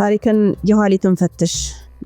ታሪክን የኋሊትን ፈትሽ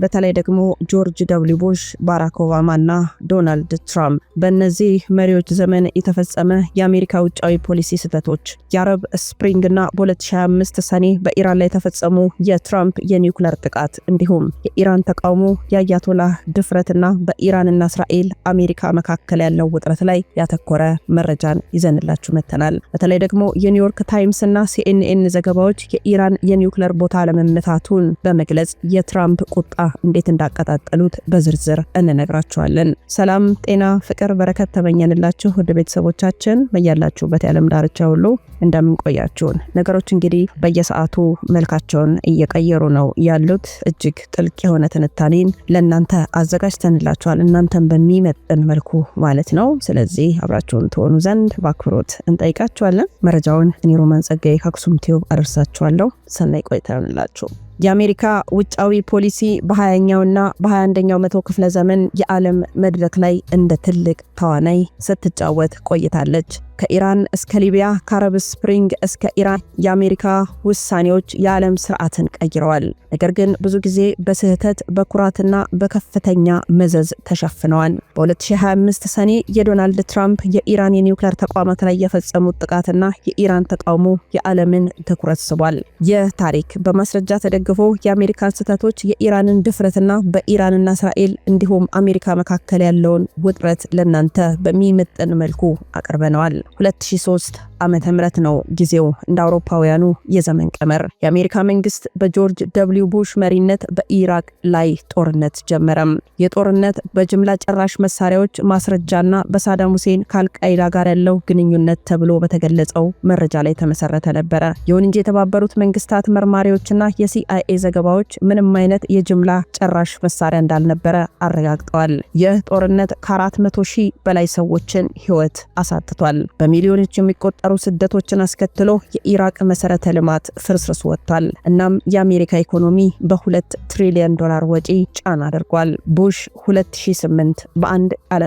በተለይ ደግሞ ጆርጅ ደብሊው ቡሽ፣ ባራክ ኦባማ እና ዶናልድ ትራምፕ በእነዚህ መሪዎች ዘመን የተፈጸመ የአሜሪካ ውጫዊ ፖሊሲ ስህተቶች፣ የአረብ ስፕሪንግና በ2025 ሰኔ በኢራን ላይ የተፈጸሙ የትራምፕ የኒውክለር ጥቃት እንዲሁም የኢራን ተቃውሞ፣ የአያቶላህ ድፍረትና በኢራንና እስራኤል አሜሪካ መካከል ያለው ውጥረት ላይ ያተኮረ መረጃን ይዘንላችሁ መጥተናል። በተለይ ደግሞ የኒውዮርክ ታይምስና ሲኤንኤን ዘገባዎች የኢራን የኒውክለር ቦታ አለመመታቱን በመግለጽ የትራምፕ ቁጣ እንዴት እንዳቀጣጠሉት በዝርዝር እንነግራችኋለን። ሰላም፣ ጤና፣ ፍቅር፣ በረከት ተመኘንላችሁ ውድ ቤተሰቦቻችን በያላችሁበት የዓለም ዳርቻ ሁሉ እንደምንቆያችሁን። ነገሮች እንግዲህ በየሰዓቱ መልካቸውን እየቀየሩ ነው ያሉት። እጅግ ጥልቅ የሆነ ትንታኔን ለእናንተ አዘጋጅተንላችኋል፣ እናንተን በሚመጥን መልኩ ማለት ነው። ስለዚህ አብራችሁን ትሆኑ ዘንድ በአክብሮት እንጠይቃችኋለን። መረጃውን እኔ ሮማን ጸጋዬ ከአክሱም ቲዩብ አደርሳችኋለሁ። ሰናይ ቆይታ ይሆንላችሁ። የአሜሪካ ውጫዊ ፖሊሲ በ20ኛውና በ21ኛው መቶ ክፍለ ዘመን የዓለም መድረክ ላይ እንደ ትልቅ ተዋናይ ስትጫወት ቆይታለች። ከኢራን እስከ ሊቢያ ከአረብ ስፕሪንግ እስከ ኢራን የአሜሪካ ውሳኔዎች የዓለም ስርዓትን ቀይረዋል። ነገር ግን ብዙ ጊዜ በስህተት በኩራትና በከፍተኛ መዘዝ ተሸፍነዋል። በ2025 ሰኔ የዶናልድ ትራምፕ የኢራን የኒውክሌር ተቋማት ላይ የፈጸሙት ጥቃትና የኢራን ተቃውሞ የዓለምን ትኩረት ስቧል። ይህ ታሪክ በማስረጃ ተደግፎ የአሜሪካን ስህተቶች፣ የኢራንን ድፍረትና በኢራንና እስራኤል እንዲሁም አሜሪካ መካከል ያለውን ውጥረት ለእናንተ በሚመጥን መልኩ አቅርበነዋል። 2003 ዓመተ ምህረት ነው ጊዜው እንደ አውሮፓውያኑ የዘመን ቀመር። የአሜሪካ መንግስት በጆርጅ ደብሊው ቡሽ መሪነት በኢራቅ ላይ ጦርነት ጀመረም። የጦርነት በጅምላ ጨራሽ መሳሪያዎች ማስረጃና በሳዳም ሁሴን ከአልቃይዳ ጋር ያለው ግንኙነት ተብሎ በተገለጸው መረጃ ላይ ተመሰረተ ነበረ። ይሁን እንጂ የተባበሩት መንግስታት መርማሪዎችና የሲአይኤ ዘገባዎች ምንም አይነት የጅምላ ጨራሽ መሳሪያ እንዳልነበረ አረጋግጠዋል። ይህ ጦርነት ከ400 ሺህ በላይ ሰዎችን ህይወት አሳጥቷል። በሚሊዮኖች የሚቆጠ የተፈጠሩ ስደቶችን አስከትሎ የኢራቅ መሰረተ ልማት ፍርስርስ ወጥቷል። እናም የአሜሪካ ኢኮኖሚ በሁለት ትሪሊዮን ዶላር ወጪ ጫና አድርጓል። ቡሽ 2008 በአንድ ቃለ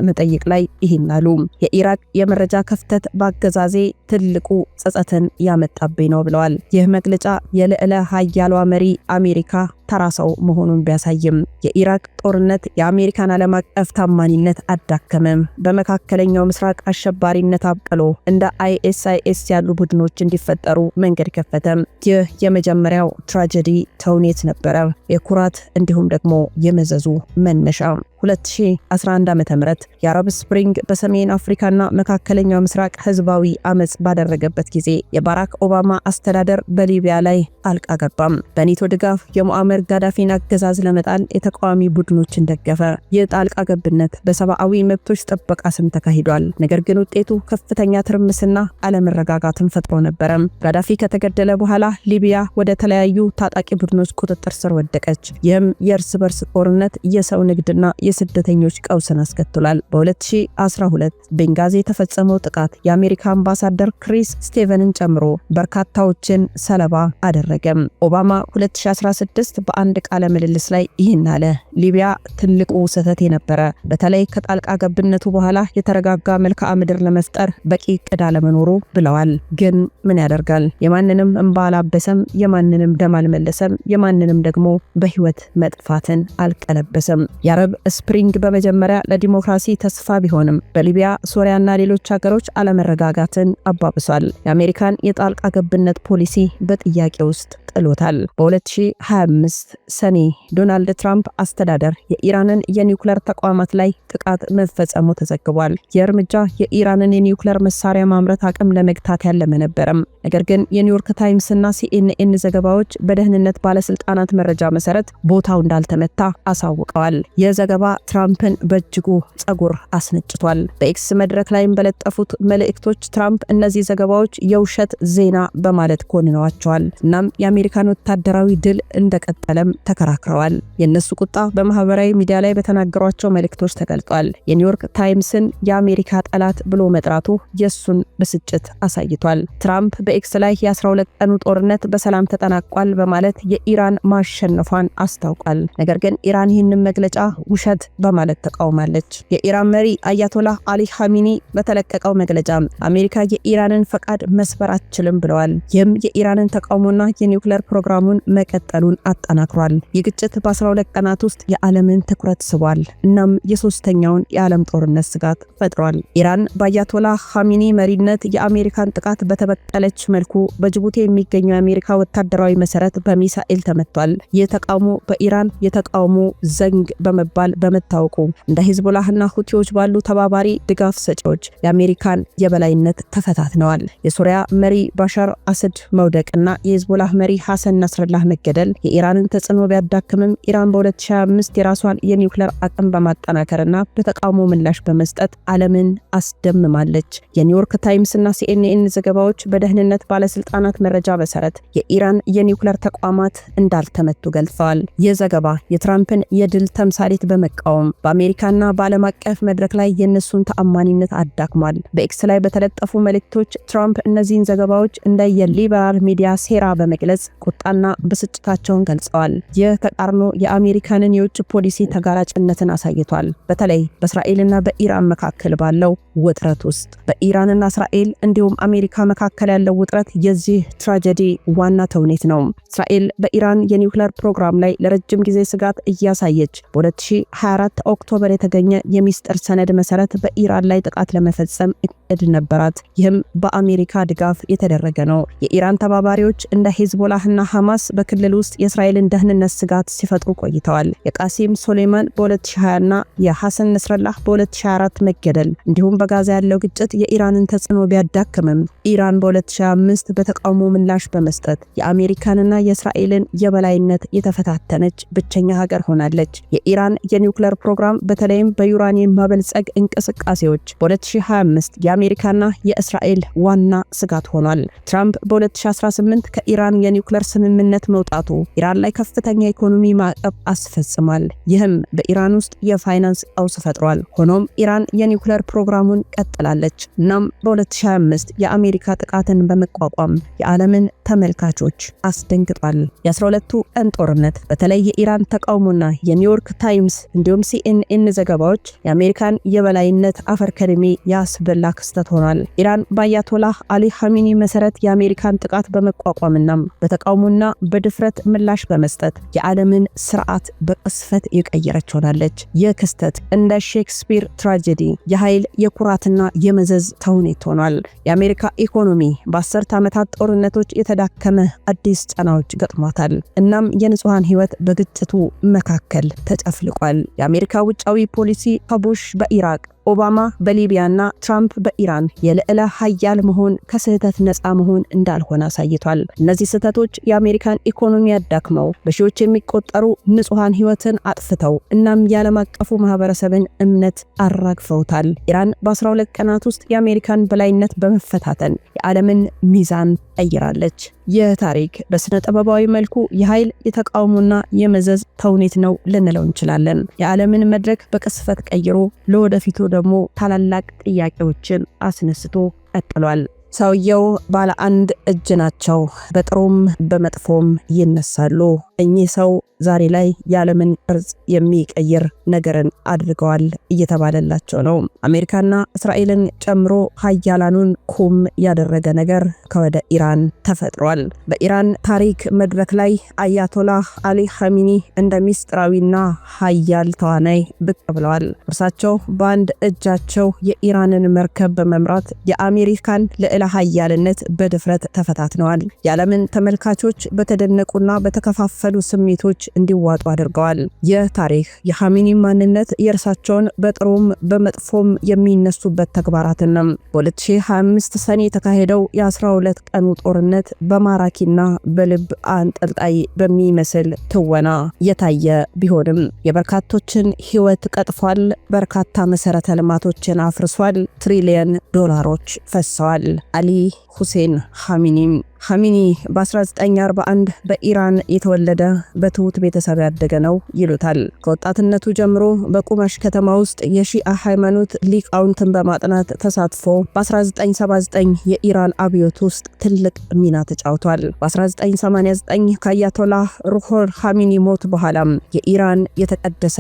ላይ ይህን አሉ። የኢራቅ የመረጃ ክፍተት በአገዛዜ ትልቁ ጸጸትን ያመጣብኝ ነው ብለዋል። ይህ መግለጫ የልዕለ ሀያሏ መሪ አሜሪካ ተራ ሰው መሆኑን ቢያሳይም የኢራቅ ጦርነት የአሜሪካን ዓለም አቀፍ ታማኒነት አዳከመ። በመካከለኛው ምስራቅ አሸባሪነት አብቅሎ እንደ አይኤስአይኤስ ያሉ ቡድኖች እንዲፈጠሩ መንገድ ከፈተ። ይህ የመጀመሪያው ትራጀዲ ተውኔት ነበረ፣ የኩራት እንዲሁም ደግሞ የመዘዙ መነሻ። 2011 ዓ ም የአረብ ስፕሪንግ በሰሜን አፍሪካና መካከለኛው ምስራቅ ህዝባዊ አመፅ ባደረገበት ጊዜ የባራክ ኦባማ አስተዳደር በሊቢያ ላይ ጣልቃ ገባም። በኔቶ ድጋፍ የሙአመር ጋዳፊን አገዛዝ ለመጣል የተቃዋሚ ቡድኖችን ደገፈ። ይህ ጣልቃ ገብነት በሰብአዊ መብቶች ጥበቃ ስም ተካሂዷል። ነገር ግን ውጤቱ ከፍተኛ ትርምስና አለመረጋጋትን ፈጥሮ ነበረ። ጋዳፊ ከተገደለ በኋላ ሊቢያ ወደ ተለያዩ ታጣቂ ቡድኖች ቁጥጥር ስር ወደቀች። ይህም የእርስ በርስ ጦርነት፣ የሰው ንግድና የስደተኞች ቀውስን አስከትሏል። በ2012 ቤንጋዚ የተፈጸመው ጥቃት የአሜሪካ አምባሳደር ክሪስ ስቴቨንን ጨምሮ በርካታዎችን ሰለባ አደረገም። ኦባማ 2016 በአንድ ቃለ ምልልስ ላይ ይህን አለ። ሊቢያ ትልቁ ስህተት የነበረ በተለይ ከጣልቃ ገብነቱ በኋላ የተረጋጋ መልክዓ ምድር ለመፍጠር በቂ እቅድ አለመኖሩ ብለዋል። ግን ምን ያደርጋል የማንንም እምባ አላበሰም፣ የማንንም ደም አልመለሰም፣ የማንንም ደግሞ በህይወት መጥፋትን አልቀለበሰም። የአረብ ስፕሪንግ በመጀመሪያ ለዲሞክራሲ ተስፋ ቢሆንም በሊቢያ ሶሪያና ሌሎች ሀገሮች አለመረጋጋትን አባብሷል። የአሜሪካን የጣልቃ ገብነት ፖሊሲ በጥያቄ ውስጥ ጥሎታል። በ2025 ሰኔ ዶናልድ ትራምፕ አስተዳደር የኢራንን የኒውክለር ተቋማት ላይ ጥቃት መፈጸሙ ተዘግቧል። የእርምጃ የኢራንን የኒውክለር መሳሪያ ማምረት አቅም ለመግታት ያለመ ነበረም። ነገር ግን የኒውዮርክ ታይምስና ሲኤንኤን ዘገባዎች በደህንነት ባለስልጣናት መረጃ መሰረት ቦታው እንዳልተመታ አሳውቀዋል። ይህ ዘገባ ትራምፕን በእጅጉ ጸጉር አስነጭቷል። በኤክስ መድረክ ላይም በለጠፉት መልእክቶች ትራምፕ እነዚህ ዘገባዎች የውሸት ዜና በማለት ኮንነዋቸዋል። እናም የአሜሪካን ወታደራዊ ድል እንደቀጠለም ተከራክረዋል። የእነሱ ቁጣ በማህበራዊ ሚዲያ ላይ በተናገሯቸው መልእክቶች ተገልጧል። የኒውዮርክ ታይምስን የአሜሪካ ጠላት ብሎ መጥራቱ የእሱን ብስጭት አሳይቷል። ትራምፕ በኤክስ ላይ የ12 ቀኑ ጦርነት በሰላም ተጠናቋል በማለት የኢራን ማሸነፏን አስታውቋል። ነገር ግን ኢራን ይህንን መግለጫ ውሸት በረከት በማለት ተቃውማለች። የኢራን መሪ አያቶላህ አሊ ሐሚኒ በተለቀቀው መግለጫ አሜሪካ የኢራንን ፈቃድ መስበር አትችልም ብለዋል። ይህም የኢራንን ተቃውሞና የኒውክሌር ፕሮግራሙን መቀጠሉን አጠናክሯል። ይህ ግጭት በ12 ቀናት ውስጥ የዓለምን ትኩረት ስቧል። እናም የሶስተኛውን የዓለም ጦርነት ስጋት ፈጥሯል። ኢራን በአያቶላህ ሐሚኒ መሪነት የአሜሪካን ጥቃት በተበቀለች መልኩ በጅቡቲ የሚገኘው የአሜሪካ ወታደራዊ መሰረት በሚሳኤል ተመቷል። ይህ ተቃውሞ በኢራን የተቃውሞ ዘንግ በመባል በመታወቁ እንደ ሂዝቦላህና ሁቲዎች ባሉ ተባባሪ ድጋፍ ሰጪዎች የአሜሪካን የበላይነት ተፈታትነዋል። የሱሪያ መሪ ባሻር አሰድ መውደቅና የሂዝቦላህ መሪ ሐሰን ናስረላህ መገደል የኢራንን ተጽዕኖ ቢያዳክምም ኢራን በ2025 የራሷን የኒውክለር አቅም በማጠናከርና በተቃውሞ ምላሽ በመስጠት ዓለምን አስደምማለች። የኒውዮርክ ታይምስና ሲኤንኤን ዘገባዎች በደህንነት ባለስልጣናት መረጃ መሰረት የኢራን የኒውክለር ተቋማት እንዳልተመቱ ገልጸዋል። ይህ ዘገባ የትራምፕን የድል ተምሳሌት በመ አልለቀውም። በአሜሪካና በዓለም አቀፍ መድረክ ላይ የእነሱን ተአማኒነት አዳክሟል። በኤክስ ላይ በተለጠፉ መልእክቶች ትራምፕ እነዚህን ዘገባዎች እንደ የሊበራል ሚዲያ ሴራ በመግለጽ ቁጣና ብስጭታቸውን ገልጸዋል። ይህ ተቃርኖ የአሜሪካንን የውጭ ፖሊሲ ተጋራጭነትን አሳይቷል። በተለይ በእስራኤልና በኢራን መካከል ባለው ውጥረት ውስጥ በኢራንና እስራኤል እንዲሁም አሜሪካ መካከል ያለው ውጥረት የዚህ ትራጀዲ ዋና ተውኔት ነው። እስራኤል በኢራን የኒውክለር ፕሮግራም ላይ ለረጅም ጊዜ ስጋት እያሳየች በ2020 24 ኦክቶበር የተገኘ የሚስጥር ሰነድ መሰረት በኢራን ላይ ጥቃት ለመፈጸም እቅድ ነበራት። ይህም በአሜሪካ ድጋፍ የተደረገ ነው። የኢራን ተባባሪዎች እንደ ሂዝቦላህና ሐማስ በክልል ውስጥ የእስራኤልን ደህንነት ስጋት ሲፈጥሩ ቆይተዋል። የቃሲም ሶሌማን በ2020ና የሐሰን ነስረላህ በ2024 መገደል እንዲሁም በጋዛ ያለው ግጭት የኢራንን ተጽዕኖ ቢያዳክምም ኢራን በ2025 በተቃውሞ ምላሽ በመስጠት የአሜሪካንና የእስራኤልን የበላይነት የተፈታተነች ብቸኛ ሀገር ሆናለች። የኢራን የኒ የኒውክሌር ፕሮግራም በተለይም በዩራኒየም ማበልጸግ እንቅስቃሴዎች በ2025 የአሜሪካና የእስራኤል ዋና ስጋት ሆኗል። ትራምፕ በ2018 ከኢራን የኒውክሌር ስምምነት መውጣቱ ኢራን ላይ ከፍተኛ ኢኮኖሚ ማዕቀብ አስፈጽሟል። ይህም በኢራን ውስጥ የፋይናንስ ቀውስ ፈጥሯል። ሆኖም ኢራን የኒውክሌር ፕሮግራሙን ቀጥላለች። እናም በ2025 የአሜሪካ ጥቃትን በመቋቋም የዓለምን ተመልካቾች አስደንግጧል። የ12ቱ ቀን ጦርነት በተለይ የኢራን ተቃውሞና የኒውዮርክ ታይምስ እንዲሁም ሲኤንኤን ዘገባዎች የአሜሪካን የበላይነት አፈር ከድሜ ያስበላ ክስተት ሆኗል። ኢራን በአያቶላህ አሊ ሐሚኒ መሰረት የአሜሪካን ጥቃት በመቋቋምና በተቃውሞና በድፍረት ምላሽ በመስጠት የዓለምን ስርዓት በቅስፈት የቀየረች ሆናለች። ይህ ክስተት እንደ ሼክስፒር ትራጀዲ የኃይል የኩራትና የመዘዝ ተውኔት ሆኗል። የአሜሪካ ኢኮኖሚ በአስርት ዓመታት ጦርነቶች የተዳከመ አዲስ ጫናዎች ገጥሟታል። እናም የንጹሐን ህይወት በግጭቱ መካከል ተጨፍልቋል። የአሜሪካ ውጫዊ ፖሊሲ ከቡሽ በኢራቅ ኦባማ በሊቢያና ትራምፕ በኢራን የልዕለ ሀያል መሆን ከስህተት ነፃ መሆን እንዳልሆነ አሳይቷል። እነዚህ ስህተቶች የአሜሪካን ኢኮኖሚ ያዳክመው በሺዎች የሚቆጠሩ ንጹሐን ህይወትን አጥፍተው እናም የዓለም አቀፉ ማህበረሰብን እምነት አራግፈውታል። ኢራን በ12 ቀናት ውስጥ የአሜሪካን በላይነት በመፈታተን የዓለምን ሚዛን ቀይራለች። ይህ ታሪክ በስነ ጥበባዊ መልኩ የኃይል የተቃውሞና የመዘዝ ተውኔት ነው ልንለው እንችላለን። የዓለምን መድረክ በቅስፈት ቀይሮ ለወደፊቱ ደግሞ ታላላቅ ጥያቄዎችን አስነስቶ ቀጥሏል። ሰውየው ባለ አንድ እጅ ናቸው። በጥሩም በመጥፎም ይነሳሉ። እኚህ ሰው ዛሬ ላይ የዓለምን ቅርጽ የሚቀይር ነገርን አድርገዋል እየተባለላቸው ነው። አሜሪካና እስራኤልን ጨምሮ ሀያላኑን ኩም ያደረገ ነገር ከወደ ኢራን ተፈጥሯል። በኢራን ታሪክ መድረክ ላይ አያቶላህ አሊ ሐሚኒ እንደ ሚስጥራዊና ሀያል ተዋናይ ብቅ ብለዋል። እርሳቸው በአንድ እጃቸው የኢራንን መርከብ በመምራት የአሜሪካን ልዕለ ሀያልነት በድፍረት ተፈታትነዋል። የዓለምን ተመልካቾች በተደነቁና በተከፋፈሉ ስሜቶች እንዲዋጡ አድርገዋል። ይህ ታሪክ የሐሚኒ ማንነት የእርሳቸውን በጥሩም በመጥፎም የሚነሱበት ተግባራትን በ በ2025 ሰኔ የተካሄደው የ12 ቀኑ ጦርነት በማራኪና በልብ አንጠልጣይ በሚመስል ትወና የታየ ቢሆንም የበርካቶችን ህይወት ቀጥፏል። በርካታ መሰረተ ልማቶችን አፍርሷል። ትሪሊየን ዶላሮች ፈሰዋል። አሊ ሁሴን ሐሚኒም ሐሚኒ በ1941 በኢራን የተወለደ በትሁት ቤተሰብ ያደገ ነው ይሉታል። ከወጣትነቱ ጀምሮ በቁመሽ ከተማ ውስጥ የሺአ ሃይማኖት ሊቃውንትን በማጥናት ተሳትፎ በ1979 የኢራን አብዮት ውስጥ ትልቅ ሚና ተጫውቷል። በ1989 ከአያቶላህ ሩሆር ሐሚኒ ሞት በኋላም የኢራን የተቀደሰ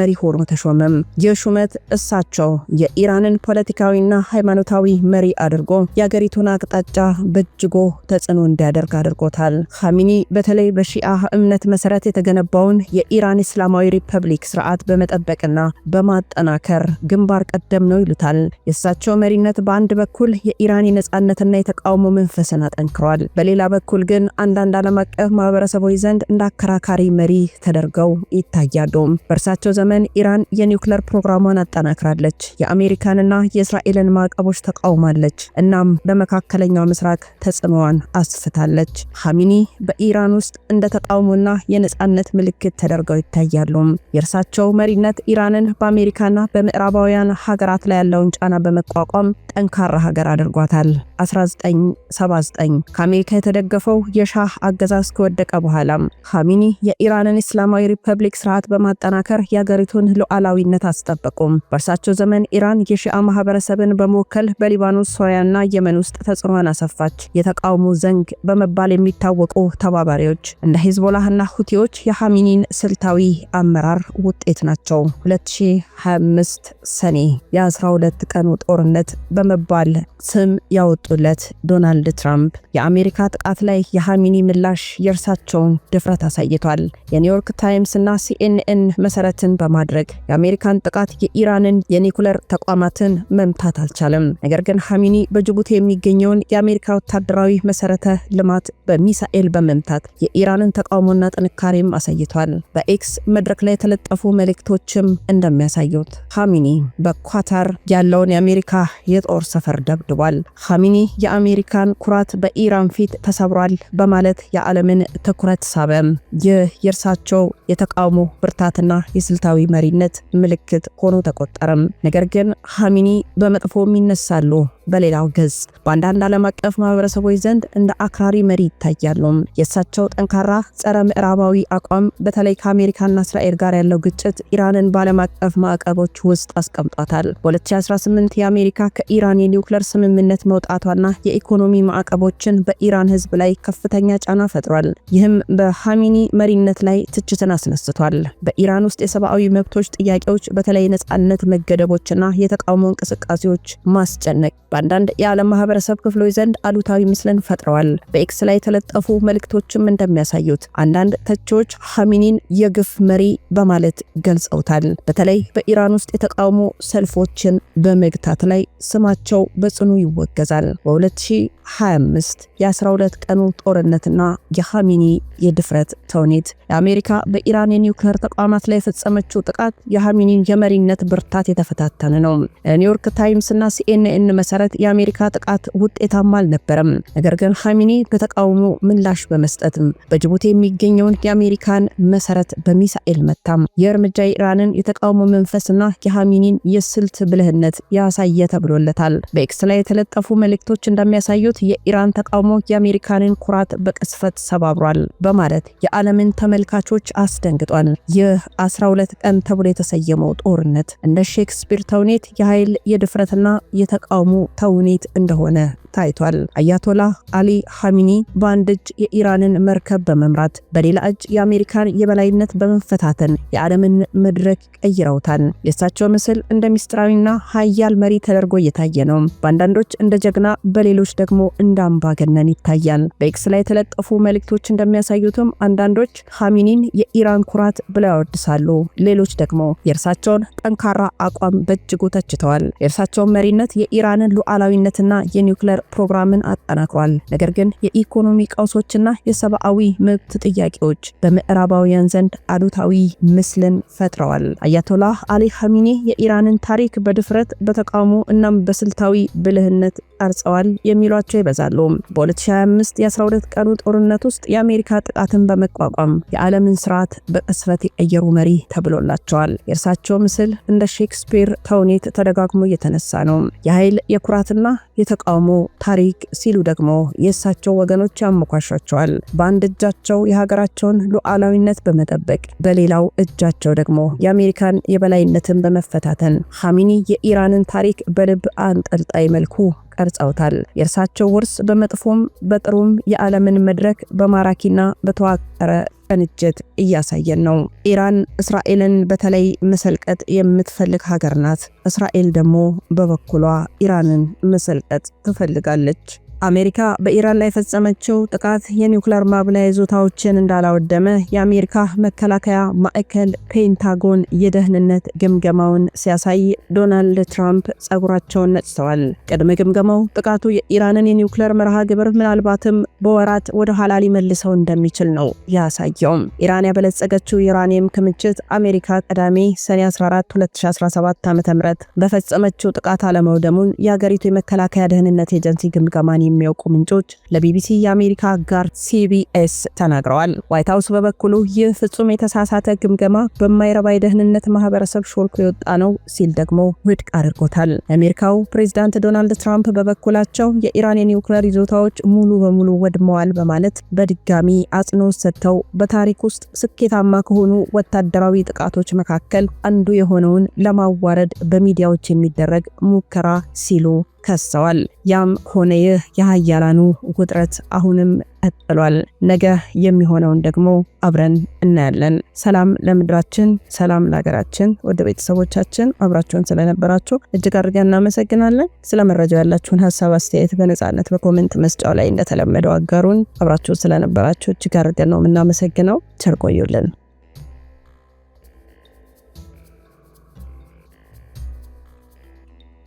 መሪ ሆኖ ተሾመም። የሹመት እሳቸው የኢራንን ፖለቲካዊና ሃይማኖታዊ መሪ አድርጎ የአገሪቱን አቅጣጫ በእጅጎ ተ ተጽዕኖ እንዲያደርግ አድርጎታል። ካሚኒ በተለይ በሺአ እምነት መሰረት የተገነባውን የኢራን እስላማዊ ሪፐብሊክ ስርዓት በመጠበቅና በማጠናከር ግንባር ቀደም ነው ይሉታል። የእሳቸው መሪነት በአንድ በኩል የኢራን የነፃነትና የተቃውሞ መንፈስን አጠንክሯል፣ በሌላ በኩል ግን አንዳንድ ዓለም አቀፍ ማህበረሰቦች ዘንድ እንደ አከራካሪ መሪ ተደርገው ይታያሉ። በእርሳቸው ዘመን ኢራን የኒውክለር ፕሮግራሟን አጠናክራለች፣ የአሜሪካንና የእስራኤልን ማዕቀቦች ተቃውማለች። እናም በመካከለኛው ምስራቅ ተጽዕኖዋን አስፍታለች። ሐሚኒ በኢራን ውስጥ እንደ ተቃውሞና የነጻነት ምልክት ተደርገው ይታያሉ። የእርሳቸው መሪነት ኢራንን በአሜሪካና በምዕራባውያን ሀገራት ላይ ያለውን ጫና በመቋቋም ጠንካራ ሀገር አድርጓታል። 1979 ከአሜሪካ የተደገፈው የሻህ አገዛዝ ከወደቀ በኋላ ሐሚኒ የኢራንን እስላማዊ ሪፐብሊክ ስርዓት በማጠናከር የአገሪቱን ሉዓላዊነት አስጠበቁም። በእርሳቸው ዘመን ኢራን የሺአ ማህበረሰብን በመወከል በሊባኖስ ሶሪያና የመን ውስጥ ተጽዕኖን አሰፋች። የተቃውሞ ዘንግ በመባል የሚታወቁ ተባባሪዎች እንደ ሂዝቦላህና ሁቲዎች የሐሚኒን ስልታዊ አመራር ውጤት ናቸው። 2025 ሰኔ የ12 ቀኑ ጦርነት በመባል ስም ያወጡለት ዶናልድ ትራምፕ የአሜሪካ ጥቃት ላይ የሐሚኒ ምላሽ የእርሳቸውን ድፍረት አሳይቷል። የኒውዮርክ ታይምስ እና ሲኤንኤን መሰረትን በማድረግ የአሜሪካን ጥቃት የኢራንን የኒኩለር ተቋማትን መምታት አልቻለም። ነገር ግን ሐሚኒ በጅቡቲ የሚገኘውን የአሜሪካ ወታደራዊ መሰረት መሰረተ ልማት በሚሳኤል በመምታት የኢራንን ተቃውሞና ጥንካሬም አሳይቷል። በኤክስ መድረክ ላይ የተለጠፉ መልእክቶችም እንደሚያሳዩት ሃሚኒ በኳታር ያለውን የአሜሪካ የጦር ሰፈር ደብድቧል። ሃሚኒ የአሜሪካን ኩራት በኢራን ፊት ተሰብሯል በማለት የዓለምን ትኩረት ሳበም። ይህ የእርሳቸው የተቃውሞ ብርታትና የስልታዊ መሪነት ምልክት ሆኖ ተቆጠረም። ነገር ግን ሃሚኒ በመጥፎም ይነሳሉ። በሌላው ገጽ በአንዳንድ ዓለም አቀፍ ማህበረሰቦች ዘንድ እንደ አክራሪ መሪ ይታያሉ። የእሳቸው ጠንካራ ጸረ ምዕራባዊ አቋም በተለይ ከአሜሪካና እስራኤል ጋር ያለው ግጭት ኢራንን በዓለም አቀፍ ማዕቀቦች ውስጥ አስቀምጧታል። በ2018 የአሜሪካ ከኢራን የኒውክለር ስምምነት መውጣቷና የኢኮኖሚ ማዕቀቦችን በኢራን ህዝብ ላይ ከፍተኛ ጫና ፈጥሯል። ይህም በሐሚኒ መሪነት ላይ ትችትን አስነስቷል። በኢራን ውስጥ የሰብአዊ መብቶች ጥያቄዎች በተለይ ነጻነት መገደቦችና የተቃውሞ እንቅስቃሴዎች ማስጨነቅ በአንዳንድ የዓለም ማህበረሰብ ክፍሎች ዘንድ አሉታዊ ምስልን ፈጥረዋል። ተናግረዋል። በኤክስ ላይ የተለጠፉ መልእክቶችም እንደሚያሳዩት አንዳንድ ተቺዎች ሐሚኒን የግፍ መሪ በማለት ገልጸውታል። በተለይ በኢራን ውስጥ የተቃውሞ ሰልፎችን በመግታት ላይ ስማቸው በጽኑ ይወገዛል። በ2025 የ12 ቀኑ ጦርነትና የሐሚኒ የድፍረት ተውኔት የአሜሪካ በኢራን የኒውክሌር ተቋማት ላይ የፈጸመችው ጥቃት የሐሚኒን የመሪነት ብርታት የተፈታተነ ነው። ኒውዮርክ ታይምስ እና ሲኤንኤን መሰረት የአሜሪካ ጥቃት ውጤታማ አልነበረም። ነገር ግን ኻሜኒ በተቃውሞ ምላሽ በመስጠትም በጅቡቲ የሚገኘውን የአሜሪካን መሰረት በሚሳኤል መታም። የእርምጃ ኢራንን የተቃውሞ መንፈስና የሀሚኒን የስልት ብልህነት ያሳየ ተብሎለታል። በኤክስ ላይ የተለጠፉ መልእክቶች እንደሚያሳዩት የኢራን ተቃውሞ የአሜሪካንን ኩራት በቅስፈት ሰባብሯል በማለት የዓለምን ተመልካቾች አስደንግጧል። ይህ 12 ቀን ተብሎ የተሰየመው ጦርነት እንደ ሼክስፒር ተውኔት የኃይል የድፍረትና የተቃውሞ ተውኔት እንደሆነ ታይቷል። አያቶላህ አሊ ሐሚኒ በአንድ እጅ የኢራንን መርከብ በመምራት በሌላ እጅ የአሜሪካን የበላይነት በመፈታተን የዓለምን መድረክ ቀይረውታል። የእሳቸው ምስል እንደ ሚስጥራዊና ሀያል መሪ ተደርጎ እየታየ ነው። በአንዳንዶች እንደ ጀግና፣ በሌሎች ደግሞ እንደ አምባገነን ይታያል። በኤክስ ላይ የተለጠፉ መልእክቶች እንደሚያሳዩትም አንዳንዶች ሐሚኒን የኢራን ኩራት ብለው ያወድሳሉ። ሌሎች ደግሞ የእርሳቸውን ጠንካራ አቋም በእጅጉ ተችተዋል። የእርሳቸውን መሪነት የኢራንን ሉዓላዊነትና የኒውክለር ፕሮግራምን አጠናክሯል። ነገር ግን የኢኮኖሚ ቀውሶችና የሰብአዊ መብት ጥያቄዎች በምዕራባውያን ዘንድ አሉታዊ ምስልን ፈጥረዋል። አያቶላህ አሊ ሐሚኒ የኢራንን ታሪክ በድፍረት በተቃውሞ እናም በስልታዊ ብልህነት ቀርጸዋል የሚሏቸው ይበዛሉ። በ2025 የ12 ቀኑ ጦርነት ውስጥ የአሜሪካ ጥቃትን በመቋቋም የዓለምን ስርዓት በቅስፈት የቀየሩ መሪ ተብሎላቸዋል። የእርሳቸው ምስል እንደ ሼክስፒር ተውኔት ተደጋግሞ እየተነሳ ነው። የኃይል የኩራትና የተቃውሞ ታሪክ ሲሉ ደግሞ የእሳቸው ወገኖች ያሞካሿቸዋል። በአንድ እጃቸው የሀገራቸውን ሉዓላዊነት በመጠበቅ በሌላው እጃቸው ደግሞ የአሜሪካን የበላይነትን በመፈታተን ሐሚኒ የኢራንን ታሪክ በልብ አንጠልጣይ መልኩ ቀርጸውታል። የእርሳቸው ውርስ በመጥፎም በጥሩም የዓለምን መድረክ በማራኪና በተዋቀረ ቅንጅት እያሳየን ነው። ኢራን እስራኤልን በተለይ መሰልቀጥ የምትፈልግ ሀገር ናት። እስራኤል ደግሞ በበኩሏ ኢራንን መሰልቀጥ ትፈልጋለች። አሜሪካ በኢራን ላይ የፈጸመችው ጥቃት የኒውክሌር ማብላያ ይዞታዎችን እንዳላወደመ የአሜሪካ መከላከያ ማዕከል ፔንታጎን የደህንነት ግምገማውን ሲያሳይ ዶናልድ ትራምፕ ጸጉራቸውን ነጭተዋል። ቅድመ ግምገማው ጥቃቱ የኢራንን የኒውክሌር መርሃ ግብር ምናልባትም በወራት ወደ ኋላ ሊመልሰው እንደሚችል ነው ያሳየውም። ኢራን ያበለጸገችው ዩራኒየም ክምችት አሜሪካ ቅዳሜ ሰኔ 14 2017 ዓ ም በፈጸመችው ጥቃት አለመውደሙን የአገሪቱ የመከላከያ ደህንነት ኤጀንሲ ግምገማን የሚያውቁ ምንጮች ለቢቢሲ የአሜሪካ ጋር ሲቢኤስ ተናግረዋል። ዋይት ሀውስ በበኩሉ ይህ ፍጹም የተሳሳተ ግምገማ በማይረባ የደህንነት ማህበረሰብ ሾልኮ የወጣ ነው ሲል ደግሞ ውድቅ አድርጎታል። የአሜሪካው ፕሬዚዳንት ዶናልድ ትራምፕ በበኩላቸው የኢራን የኒውክሌር ይዞታዎች ሙሉ በሙሉ ወድመዋል በማለት በድጋሚ አጽንኦት ሰጥተው በታሪክ ውስጥ ስኬታማ ከሆኑ ወታደራዊ ጥቃቶች መካከል አንዱ የሆነውን ለማዋረድ በሚዲያዎች የሚደረግ ሙከራ ሲሉ ከሰዋል። ያም ሆነ ይህ የሀያላኑ ውጥረት አሁንም ቀጥሏል። ነገ የሚሆነውን ደግሞ አብረን እናያለን። ሰላም ለምድራችን፣ ሰላም ለሀገራችን። ወደ ቤተሰቦቻችን አብራችሁን ስለነበራችሁ እጅግ አድርገን እናመሰግናለን። ስለ መረጃው ያላችሁን ሀሳብ አስተያየት በነጻነት በኮሜንት መስጫው ላይ እንደተለመደው አጋሩን። አብራችሁን ስለነበራችሁ እጅግ አድርገን ነው የምናመሰግነው። ቸር ቆዩልን።